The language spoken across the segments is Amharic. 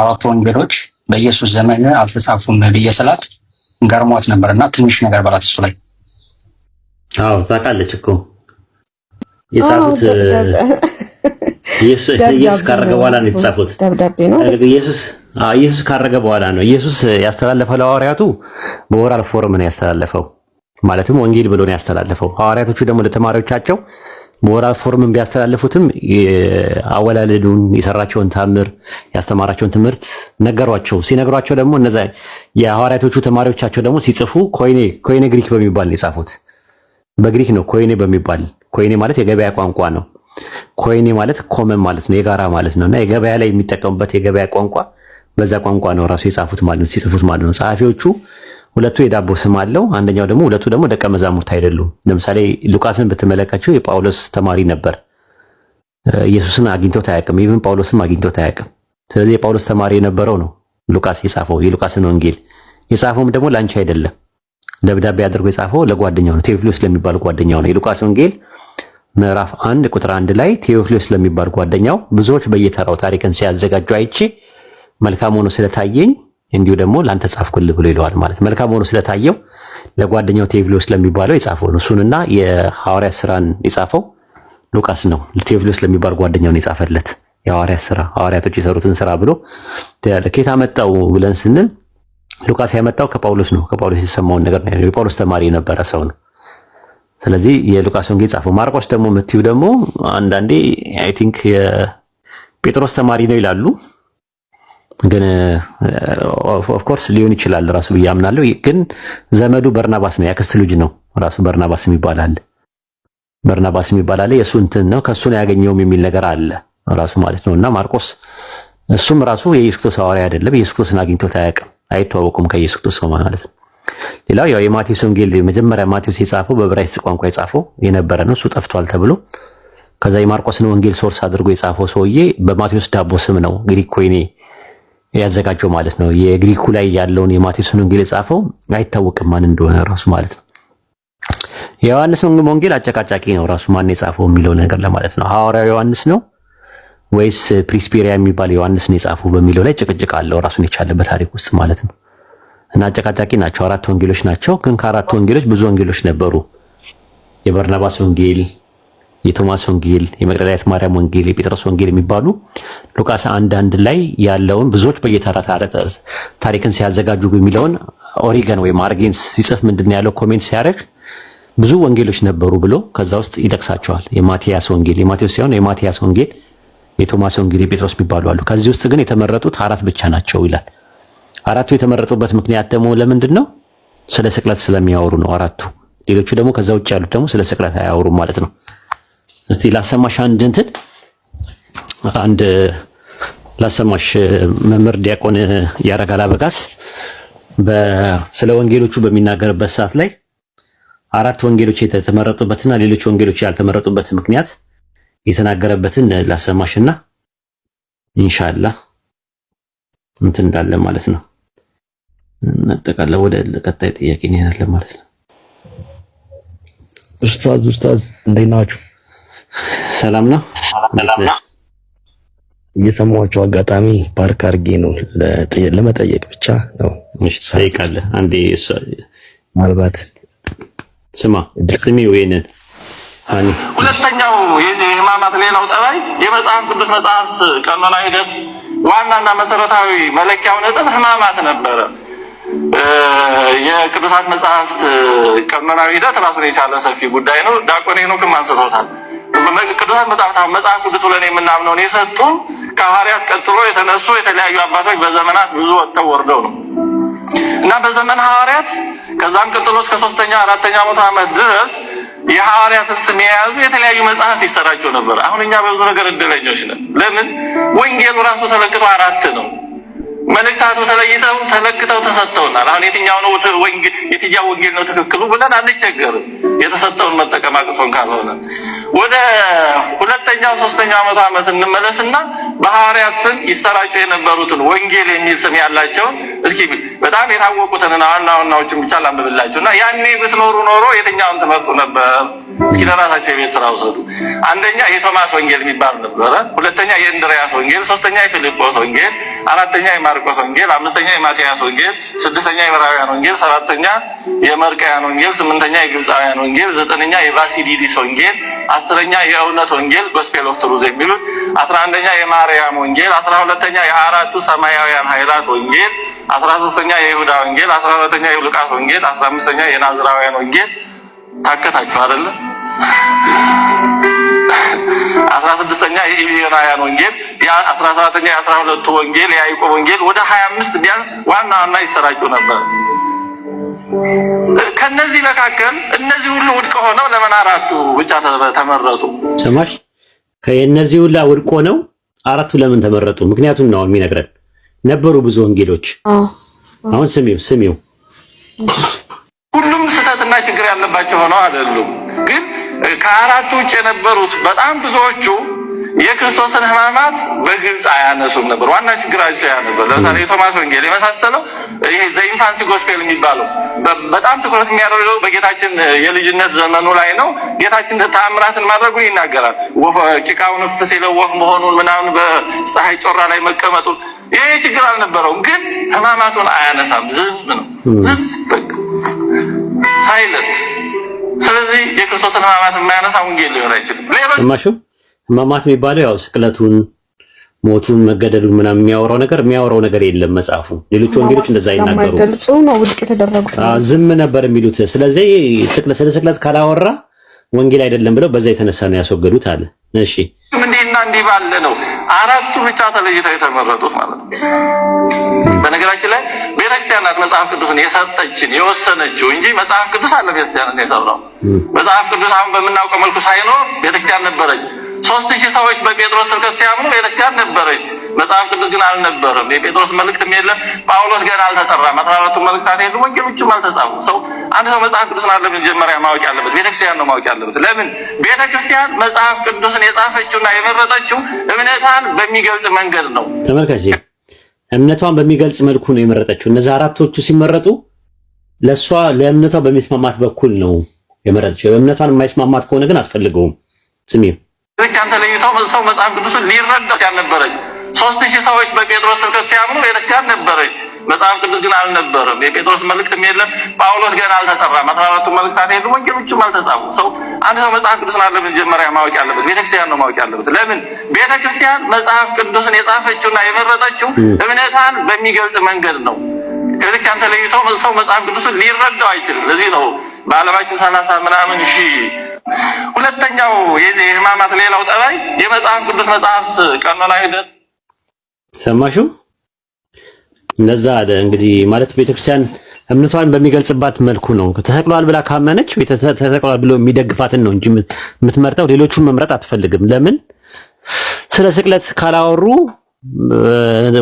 አራቱ ወንጌሎች በኢየሱስ ዘመን አልተጻፉም ብዬ ስላት ገርሟት ነበር እና ትንሽ ነገር በላት እሱ ላይ። አዎ ታውቃለች እኮ የጻፉት ኢየሱስ ካረገ በኋላ ነው የተጻፉት። ኢየሱስ ካረገ በኋላ ነው። ኢየሱስ ያስተላለፈው ለሐዋርያቱ በኦራል ፎርም ነው ያስተላለፈው፣ ማለትም ወንጌል ብሎ ነው ያስተላለፈው። ሐዋርያቶቹ ደግሞ ለተማሪዎቻቸው በወራል ፎርምን ቢያስተላልፉትም አወላለዱን የሰራቸውን ታምር ያስተማራቸውን ትምህርት ነገሯቸው። ሲነግሯቸው ደግሞ እነዛ የሐዋርያቶቹ ተማሪዎቻቸው ደግሞ ሲጽፉ ኮይኔ ኮይኔ ግሪክ በሚባል ነው የጻፉት። በግሪክ ነው ኮይኔ በሚባል ኮይኔ ማለት የገበያ ቋንቋ ነው። ኮይኔ ማለት ኮመን ማለት ነው የጋራ ማለት ነውና የገበያ ላይ የሚጠቀሙበት የገበያ ቋንቋ በዛ ቋንቋ ነው ራሱ የጻፉት ማለት ነው ሲጽፉት ማለት ነው ጸሐፊዎቹ ሁለቱ የዳቦ ስም አለው። አንደኛው ደግሞ ሁለቱ ደግሞ ደቀ መዛሙርት አይደሉም። ለምሳሌ ሉቃስን ብትመለከችው የጳውሎስ ተማሪ ነበር። ኢየሱስን አግኝቶት አያውቅም። ይህም ጳውሎስም አግኝቶት አያውቅም። ስለዚህ የጳውሎስ ተማሪ የነበረው ነው ሉቃስ የጻፈው የሉቃስን ወንጌል የጻፈውም ደግሞ ላንቺ አይደለም። ደብዳቤ አድርጎ የጻፈው ለጓደኛው ነው፣ ቴዎፍሎስ ለሚባል ጓደኛው ነው። የሉቃስ ወንጌል ምዕራፍ አንድ ቁጥር አንድ ላይ ቴዎፍሎስ ለሚባል ጓደኛው ብዙዎች በየተራው ታሪክን ሲያዘጋጁ አይቼ መልካም ሆኖ ስለታየኝ እንዲሁ ደግሞ ላንተ ጻፍኩልህ ብሎ ይለዋል ማለት መልካም ሆኖ ስለታየው ለጓደኛው ቴዎፍሎስ ለሚባለው የጻፈው ነው። እሱንና የሐዋርያ ስራን የጻፈው ሉቃስ ነው። ለቴዎፍሎስ ለሚባል ጓደኛውን የጻፈለት የሐዋርያ ስራ ሐዋርያቶች የሰሩትን ስራ ብሎ ከየት አመጣው ብለን ስንል ሉቃስ ያመጣው ከጳውሎስ ነው። ከጳውሎስ የሰማውን ነገር ነው። የጳውሎስ ተማሪ የነበረ ሰው ነው። ስለዚህ የሉቃስ ወንጌል ጻፈው። ማርቆስ ደግሞ ምትዩ ደግሞ አንዳንዴ አይ ቲንክ የጴጥሮስ ተማሪ ነው ይላሉ። ግን ኦፍኮርስ uh, ሊሆን ይችላል ራሱ ብዬ አምናለሁ። ግን ዘመዱ በርናባስ ነው፣ ያክስት ልጅ ነው። ራሱ በርናባስ ይባላል። አለ፣ በርናባስ የሚባል አለ። የእሱ እንትን ነው፣ ከእሱ ነው ያገኘውም የሚል ነገር አለ ራሱ ማለት ነው። እና ማርቆስ እሱም ራሱ የኢየሱስ ክርስቶስ ሐዋርያ አይደለም። ኢየሱስ ክርስቶስን አግኝቶት አያውቅም፣ አይተዋወቁም ከኢየሱስ ክርስቶስ ሰው ማለት ነው። ሌላው ያው የማቴዎስ ወንጌል መጀመሪያ ማቴዎስ የጻፈው በዕብራይስጥ ቋንቋ የጻፈው የነበረ ነው፣ እሱ ጠፍቷል ተብሎ ከዛ የማርቆስን ወንጌል ሶርስ አድርጎ የጻፈው ሰውዬ በማቴዎስ ዳቦ ስም ነው ግሪክ ኮይኔ ያዘጋጀው ማለት ነው። የግሪኩ ላይ ያለውን የማቴዎስን ወንጌል የጻፈው አይታወቅም ማን እንደሆነ ራሱ ማለት ነው። የዮሐንስ ወንጌል አጨቃጫቂ ነው ራሱ ማን የጻፈው የሚለው ነገር ለማለት ነው። ሐዋርያው ዮሐንስ ነው ወይስ ፕሪስፔሪያ የሚባል ዮሐንስ ነው የጻፈው በሚለው ላይ ጭቅጭቅ አለው ራሱን የቻለ በታሪክ ውስጥ ማለት ነው። እና አጨቃጫቂ ናቸው። አራት ወንጌሎች ናቸው። ግን ከአራት ወንጌሎች ብዙ ወንጌሎች ነበሩ። የበርናባስ ወንጌል የቶማስ ወንጌል፣ የመቅደላዊት ማርያም ወንጌል፣ የጴጥሮስ ወንጌል የሚባሉ ሉቃስ አንዳንድ ላይ ያለውን ብዙዎች በየተራ ታሪክን ሲያዘጋጁ የሚለውን ኦሪገን ወይም አርጌንስ ሲጽፍ ምንድን ያለው ኮሜንት ሲያደርግ ብዙ ወንጌሎች ነበሩ ብሎ ከዛ ውስጥ ይጠቅሳቸዋል። የማቴያስ ወንጌል የማቴዎስ ሳይሆን የማቴያስ ወንጌል፣ የቶማስ ወንጌል፣ የጴጥሮስ የሚባሉ አሉ። ከዚህ ውስጥ ግን የተመረጡት አራት ብቻ ናቸው ይላል። አራቱ የተመረጡበት ምክንያት ደግሞ ለምንድን ነው? ስለ ስቅለት ስለሚያወሩ ነው አራቱ። ሌሎቹ ደግሞ ከዛ ውጭ ያሉት ደግሞ ስለ ስቅለት አያወሩም ማለት ነው። እስቲ ላሰማሽ አንድ እንትን አንድ ላሰማሽ መምህር ዲያቆን ያረጋል አበጋዝ ስለ ወንጌሎቹ በሚናገርበት ሰዓት ላይ አራት ወንጌሎች የተመረጡበትና ሌሎች ወንጌሎች ያልተመረጡበት ምክንያት የተናገረበትን ላሰማሽና ኢንሻአላ እንትን እንዳለ ማለት ነው። እናጠቃለን። ወደ ቀጣይ ጥያቄ እንሄዳለን ማለት ነው። ኡስታዝ ኡስታዝ እንደናችሁ ሰላም ነው። እየሰማችሁ አጋጣሚ ፓርክ አድርጌ ነው ለመጠየቅ ብቻ ነው። ጠይቃለህ አንዴ። ምናልባት ስማ ስሚው አኒ ሁለተኛው የህማማት ሌላው ጠባይ የመጽሐፍ ቅዱስ መጽሐፍት ቀኖና ሂደት ዋናና መሰረታዊ መለኪያው ነጥብ ህማማት ነበረ። የቅዱሳት መጽሐፍት ቀኖናዊ ሂደት ራሱን የቻለ ሰፊ ጉዳይ ነው። ዲያቆን ሄኖክም አንስቶታል። ቅዱሳት መጽሐፍት መጽሐፍ ቅዱስ ብለን የምናምነውን የሰጡን ከሐዋርያት ቀጥሎ የተነሱ የተለያዩ አባቶች በዘመናት ብዙ ወጥተው ወርደው ነው እና በዘመን ሐዋርያት ከዛም ቀጥሎ እስከ ሶስተኛ አራተኛ መቶ ዓመት ድረስ የሐዋርያትን ስም የያዙ የተለያዩ መጽሐፍት ይሰራቸው ነበር። አሁን እኛ በብዙ ነገር እድለኞች ነን። ለምን ወንጌሉ ራሱ ተለቅቶ አራት ነው። መልእክታቱ ተለይተው ተለክተው ተሰጥተውናል። አሁን የትኛው ነው የትኛው ወንጌል ነው ትክክሉ ብለን አንቸገርም። የተሰጠውን መጠቀም አቅቶን ካልሆነ ወደ ሁለተኛው ሶስተኛው መቶ ዓመት እንመለስና በሐዋርያት ስም ይሰራጩ የነበሩትን ወንጌል የሚል ስም ያላቸው እስኪ በጣም የታወቁትንና ዋና ዋናዎችን ብቻ ላንብብላችሁ እና ያኔ ብትኖሩ ኖሮ የትኛውን ትመርጡ ነበር? እስኪ ለራሳቸው የቤት ስራ ውሰዱ። አንደኛ የቶማስ ወንጌል የሚባል ነበረ፣ ሁለተኛ የእንድሪያስ ወንጌል፣ ሶስተኛ የፊልጶስ ወንጌል፣ አራተኛ የማርቆስ ወንጌል፣ አምስተኛ የማቴያስ ወንጌል፣ ስድስተኛ የዕብራውያን ወንጌል፣ ሰባተኛ የመርቃያን ወንጌል፣ ስምንተኛ የግብፃውያን ወንጌል፣ ዘጠነኛ የባሲዲዲስ ወንጌል፣ አስረኛ የእውነት ወንጌል ጎስፔል ኦፍ ትሩዝ የሚሉት፣ አስራ አንደኛ የማርያም ወንጌል፣ አስራ ሁለተኛ የአራቱ ሰማያውያን ኃይላት ወንጌል፣ አስራ ሶስተኛ የይሁዳ ወንጌል፣ አስራ ሁለተኛ የሉቃስ ወንጌል፣ አስራ አምስተኛ የናዝራውያን ወንጌል ታከታችሁ አይደለ? አስራ ስድስተኛ የዕብራውያን ወንጌል፣ አስራ ሰባተኛ የአስራ ሁለቱ ወንጌል፣ የያዕቆብ ወንጌል ወደ ሀያ አምስት ቢያንስ ዋና ዋና ይሰራጩ ነበር። ከነዚህ መካከል እነዚህ ሁሉ ውድቅ ሆነው ለምን አራቱ ብቻ ተመረጡ? ሰማሽ? ከእነዚህ ሁላ ውድቅ ሆነው አራቱ ለምን ተመረጡ? ምክንያቱም ነው የሚነግረን። ነበሩ ብዙ ወንጌሎች። አሁን ስሚው ስሚው ሁሉም ችግር ያለባቸው ሆነው አይደሉም። ግን ከአራቱ ውጭ የነበሩት በጣም ብዙዎቹ የክርስቶስን ሕማማት በግልጽ አያነሱም ነበር። ዋና ችግራቸው ያ ነበር። ለምሳሌ የቶማስ ወንጌል የመሳሰለው ይሄ ዘኢንፋንሲ ጎስፔል የሚባለው በጣም ትኩረት የሚያደርገው በጌታችን የልጅነት ዘመኑ ላይ ነው። ጌታችን ተአምራትን ማድረጉ ይናገራል። ጭቃውን ፍስ የለወፍ መሆኑን ምናምን፣ በፀሐይ ጮራ ላይ መቀመጡን ይሄ ችግር አልነበረውም። ግን ሕማማቱን አያነሳም። ዝም ነው ዝም ሳይለት። ስለዚህ የክርስቶስን ሕማማት የማያነሳ ወንጌል ሊሆን አይችልም። ማሽም ሕማማት የሚባለው ያው ስቅለቱን፣ ሞቱን፣ መገደሉን ምናምን የሚያወራው ነገር የሚያወራው ነገር የለም መጽሐፉ። ሌሎች ወንጌሎች እንደዛ ይናገሩ ነው። ዝም ነበር የሚሉት። ስለዚህ ስለ ስቅለት ካላወራ ወንጌል አይደለም ብለው በዛ የተነሳ ነው ያስወገዱት አለ። እሺ እንዲህና እንዲህ ባለ ነው አራቱ ብቻ ተለይተው የተመረጡት ማለት ነው። በነገራችን ላይ ቤተክርስቲያን ናት መጽሐፍ ቅዱስን የሰጠችን የወሰነችው እንጂ መጽሐፍ ቅዱስ አለ ቤተክርስቲያን የሰራው መጽሐፍ ቅዱስ አሁን በምናውቀው መልኩ ሳይኖር ቤተክርስቲያን ነበረች። ሶስት ሺህ ሰዎች በጴጥሮስ ስብከት ሲያምኑ ጋር ነበረች፣ መጽሐፍ ቅዱስ ግን አልነበረም። የጴጥሮስ መልእክትም የለም። ጳውሎስ ገና አልተጠራም። አስራ አራቱ መልእክታት የሉም። ወንጌሎችም አልተጻፉ። ሰው አንድ ሰው መጽሐፍ ቅዱስን አለ መጀመሪያ ማወቅ ያለበት ቤተክርስቲያን ነው ማወቅ ያለበት። ለምን ቤተክርስቲያን መጽሐፍ ቅዱስን የጻፈችውና የመረጠችው እምነቷን በሚገልጽ መንገድ ነው። ተመልካች እምነቷን በሚገልጽ መልኩ ነው የመረጠችው። እነዚህ አራቶቹ ሲመረጡ ለእሷ ለእምነቷ በሚስማማት በኩል ነው የመረጠችው። እምነቷን የማይስማማት ከሆነ ግን አትፈልገውም ስሚው ከአንተ ለይተው ሰው መጽሐፍ ቅዱስን ሊረዳት ያልነበረች ሶስት ሺህ ሰዎች በጴጥሮስ ስብከት ሲያምኑ ቤተክርስቲያን ነበረች። መጽሐፍ ቅዱስ ግን አልነበረም። የጴጥሮስ መልእክትም የለም። ጳውሎስ ገና አልተጠራም። አስራ አራቱ መልእክታት የሉ፣ ወንጌሎችም አልተጻፉ። ሰው አንድ ሰው መጽሐፍ ቅዱስን አለ መጀመሪያ ማወቅ ያለበት ቤተክርስቲያን ነው ማወቅ ያለበት። ለምን ቤተክርስቲያን መጽሐፍ ቅዱስን የጻፈችውና የመረጠችው እምነቷን በሚገልጽ መንገድ ነው። ከቤተክርስቲያን ተለይተው ሰው መጽሐፍ ቅዱስን ሊረዳው አይችልም። ለዚህ ነው በዓለማችን ሰላሳ ምናምን ሺህ ሁለተኛው የዚህ የህማማት ሌላው ጠባይ የመጽሐፍ ቅዱስ መጽሐፍት ቀኖና ሂደት ሰማሹ ለዛ አለ እንግዲህ ማለት ቤተክርስቲያን እምነቷን በሚገልጽባት መልኩ ነው። ተሰቅሏል ብላ ካመነች ተሰቅሏል ብሎ የሚደግፋትን ነው እንጂ የምትመርጠው ሌሎቹን መምረጥ አትፈልግም። ለምን ስለ ስቅለት ካላወሩ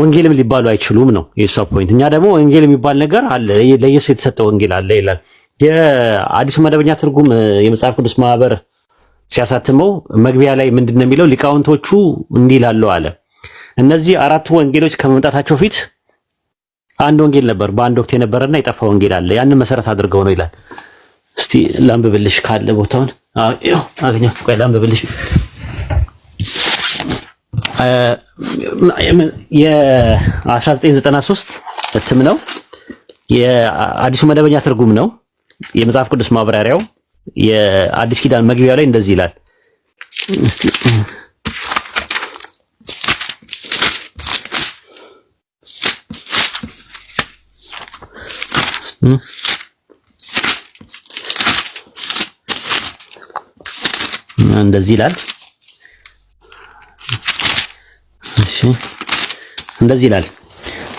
ወንጌልም ሊባሉ አይችሉም ነው የእሷ ፖይንት። እኛ ደግሞ ወንጌል የሚባል ነገር አለ፣ ለኢየሱስ የተሰጠ ወንጌል አለ ይላል። የአዲሱ መደበኛ ትርጉም የመጽሐፍ ቅዱስ ማህበር ሲያሳትመው መግቢያ ላይ ምንድን ነው የሚለው? ሊቃውንቶቹ እንዲህ ይላሉ አለ። እነዚህ አራቱ ወንጌሎች ከመምጣታቸው ፊት አንድ ወንጌል ነበር፣ በአንድ ወቅት የነበረና የጠፋ ወንጌል አለ። ያንን መሰረት አድርገው ነው ይላል። እስቲ ላንብብልሽ ካለ ቦታውን አገኘው። ላንብብልሽ። የ1993 እትም ነው፣ የአዲሱ መደበኛ ትርጉም ነው። የመጽሐፍ ቅዱስ ማብራሪያው የአዲስ ኪዳን መግቢያ ላይ እንደዚህ ይላል። እንደዚህ ይላል። እሺ እንደዚህ ይላል።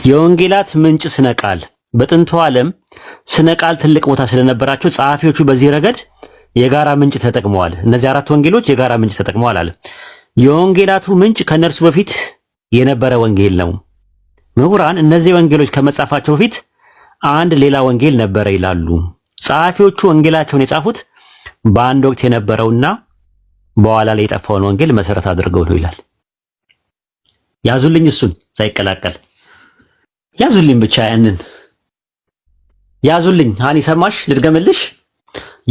የወንጌላት ምንጭ ስነ ቃል በጥንቱ ዓለም ስነ ቃል ትልቅ ቦታ ስለነበራቸው ጸሐፊዎቹ በዚህ ረገድ የጋራ ምንጭ ተጠቅመዋል። እነዚህ አራት ወንጌሎች የጋራ ምንጭ ተጠቅመዋል አለ። የወንጌላቱ ምንጭ ከነርሱ በፊት የነበረ ወንጌል ነው። ምሁራን እነዚህ ወንጌሎች ከመጻፋቸው በፊት አንድ ሌላ ወንጌል ነበረ ይላሉ። ጸሐፊዎቹ ወንጌላቸውን የጻፉት በአንድ ወቅት የነበረውና በኋላ ላይ የጠፋውን ወንጌል መሰረት አድርገው ነው ይላል። ያዙልኝ፣ እሱን ሳይቀላቀል ያዙልኝ ብቻ ያንን ያዙልኝ ሃኒ ሰማሽ ልድገምልሽ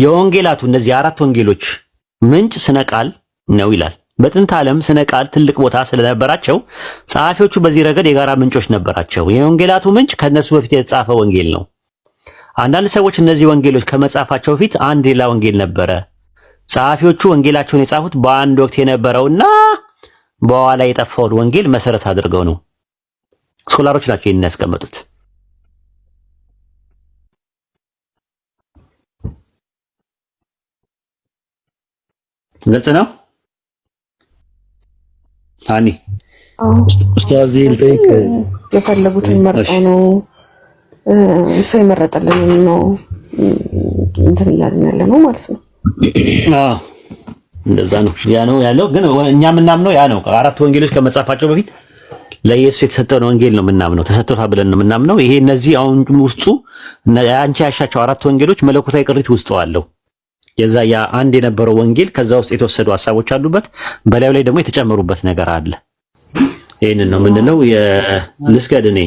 የወንጌላቱ እነዚህ አራት ወንጌሎች ምንጭ ስነ ቃል ነው ይላል በጥንት ዓለም ስነ ቃል ትልቅ ቦታ ስለነበራቸው ጸሐፊዎቹ በዚህ ረገድ የጋራ ምንጮች ነበራቸው የወንጌላቱ ምንጭ ከነሱ በፊት የተጻፈ ወንጌል ነው አንዳንድ ሰዎች እነዚህ ወንጌሎች ከመጻፋቸው ፊት አንድ ሌላ ወንጌል ነበረ ጸሐፊዎቹ ወንጌላቸውን የጻፉት በአንድ ወቅት የነበረውና በኋላ የጠፋውን ወንጌል መሰረት አድርገው ነው ስኮላሮች ናቸው ይህን ያስቀመጡት ግልጽ ነው። አኒ ኡስታዝ ልጠይቅ የፈለጉትን መርጠው ነው ሰው የመረጠልን ነው እንትን እያልን ያለ ነው ማለት ነው። እንደዛ ነው። ያ ነው ያለው። ግን እኛ የምናምነው ያ ነው። አራት ወንጌሎች ከመጻፋቸው በፊት ለኢየሱስ የተሰጠውን ወንጌል ነው የምናምነው። ተሰጥቶታል ብለን ነው የምናምነው። ይሄ እነዚህ አሁን ውስጡ አንቺ ያሻቸው አራት ወንጌሎች መለኮታዊ ቅሪት ውስጡ አለው። የዛ ያ አንድ የነበረው ወንጌል ከዛ ውስጥ የተወሰዱ ሀሳቦች አሉበት። በላዩ ላይ ደግሞ የተጨመሩበት ነገር አለ። ይህንን ነው ምንድነው ልስገድ እኔ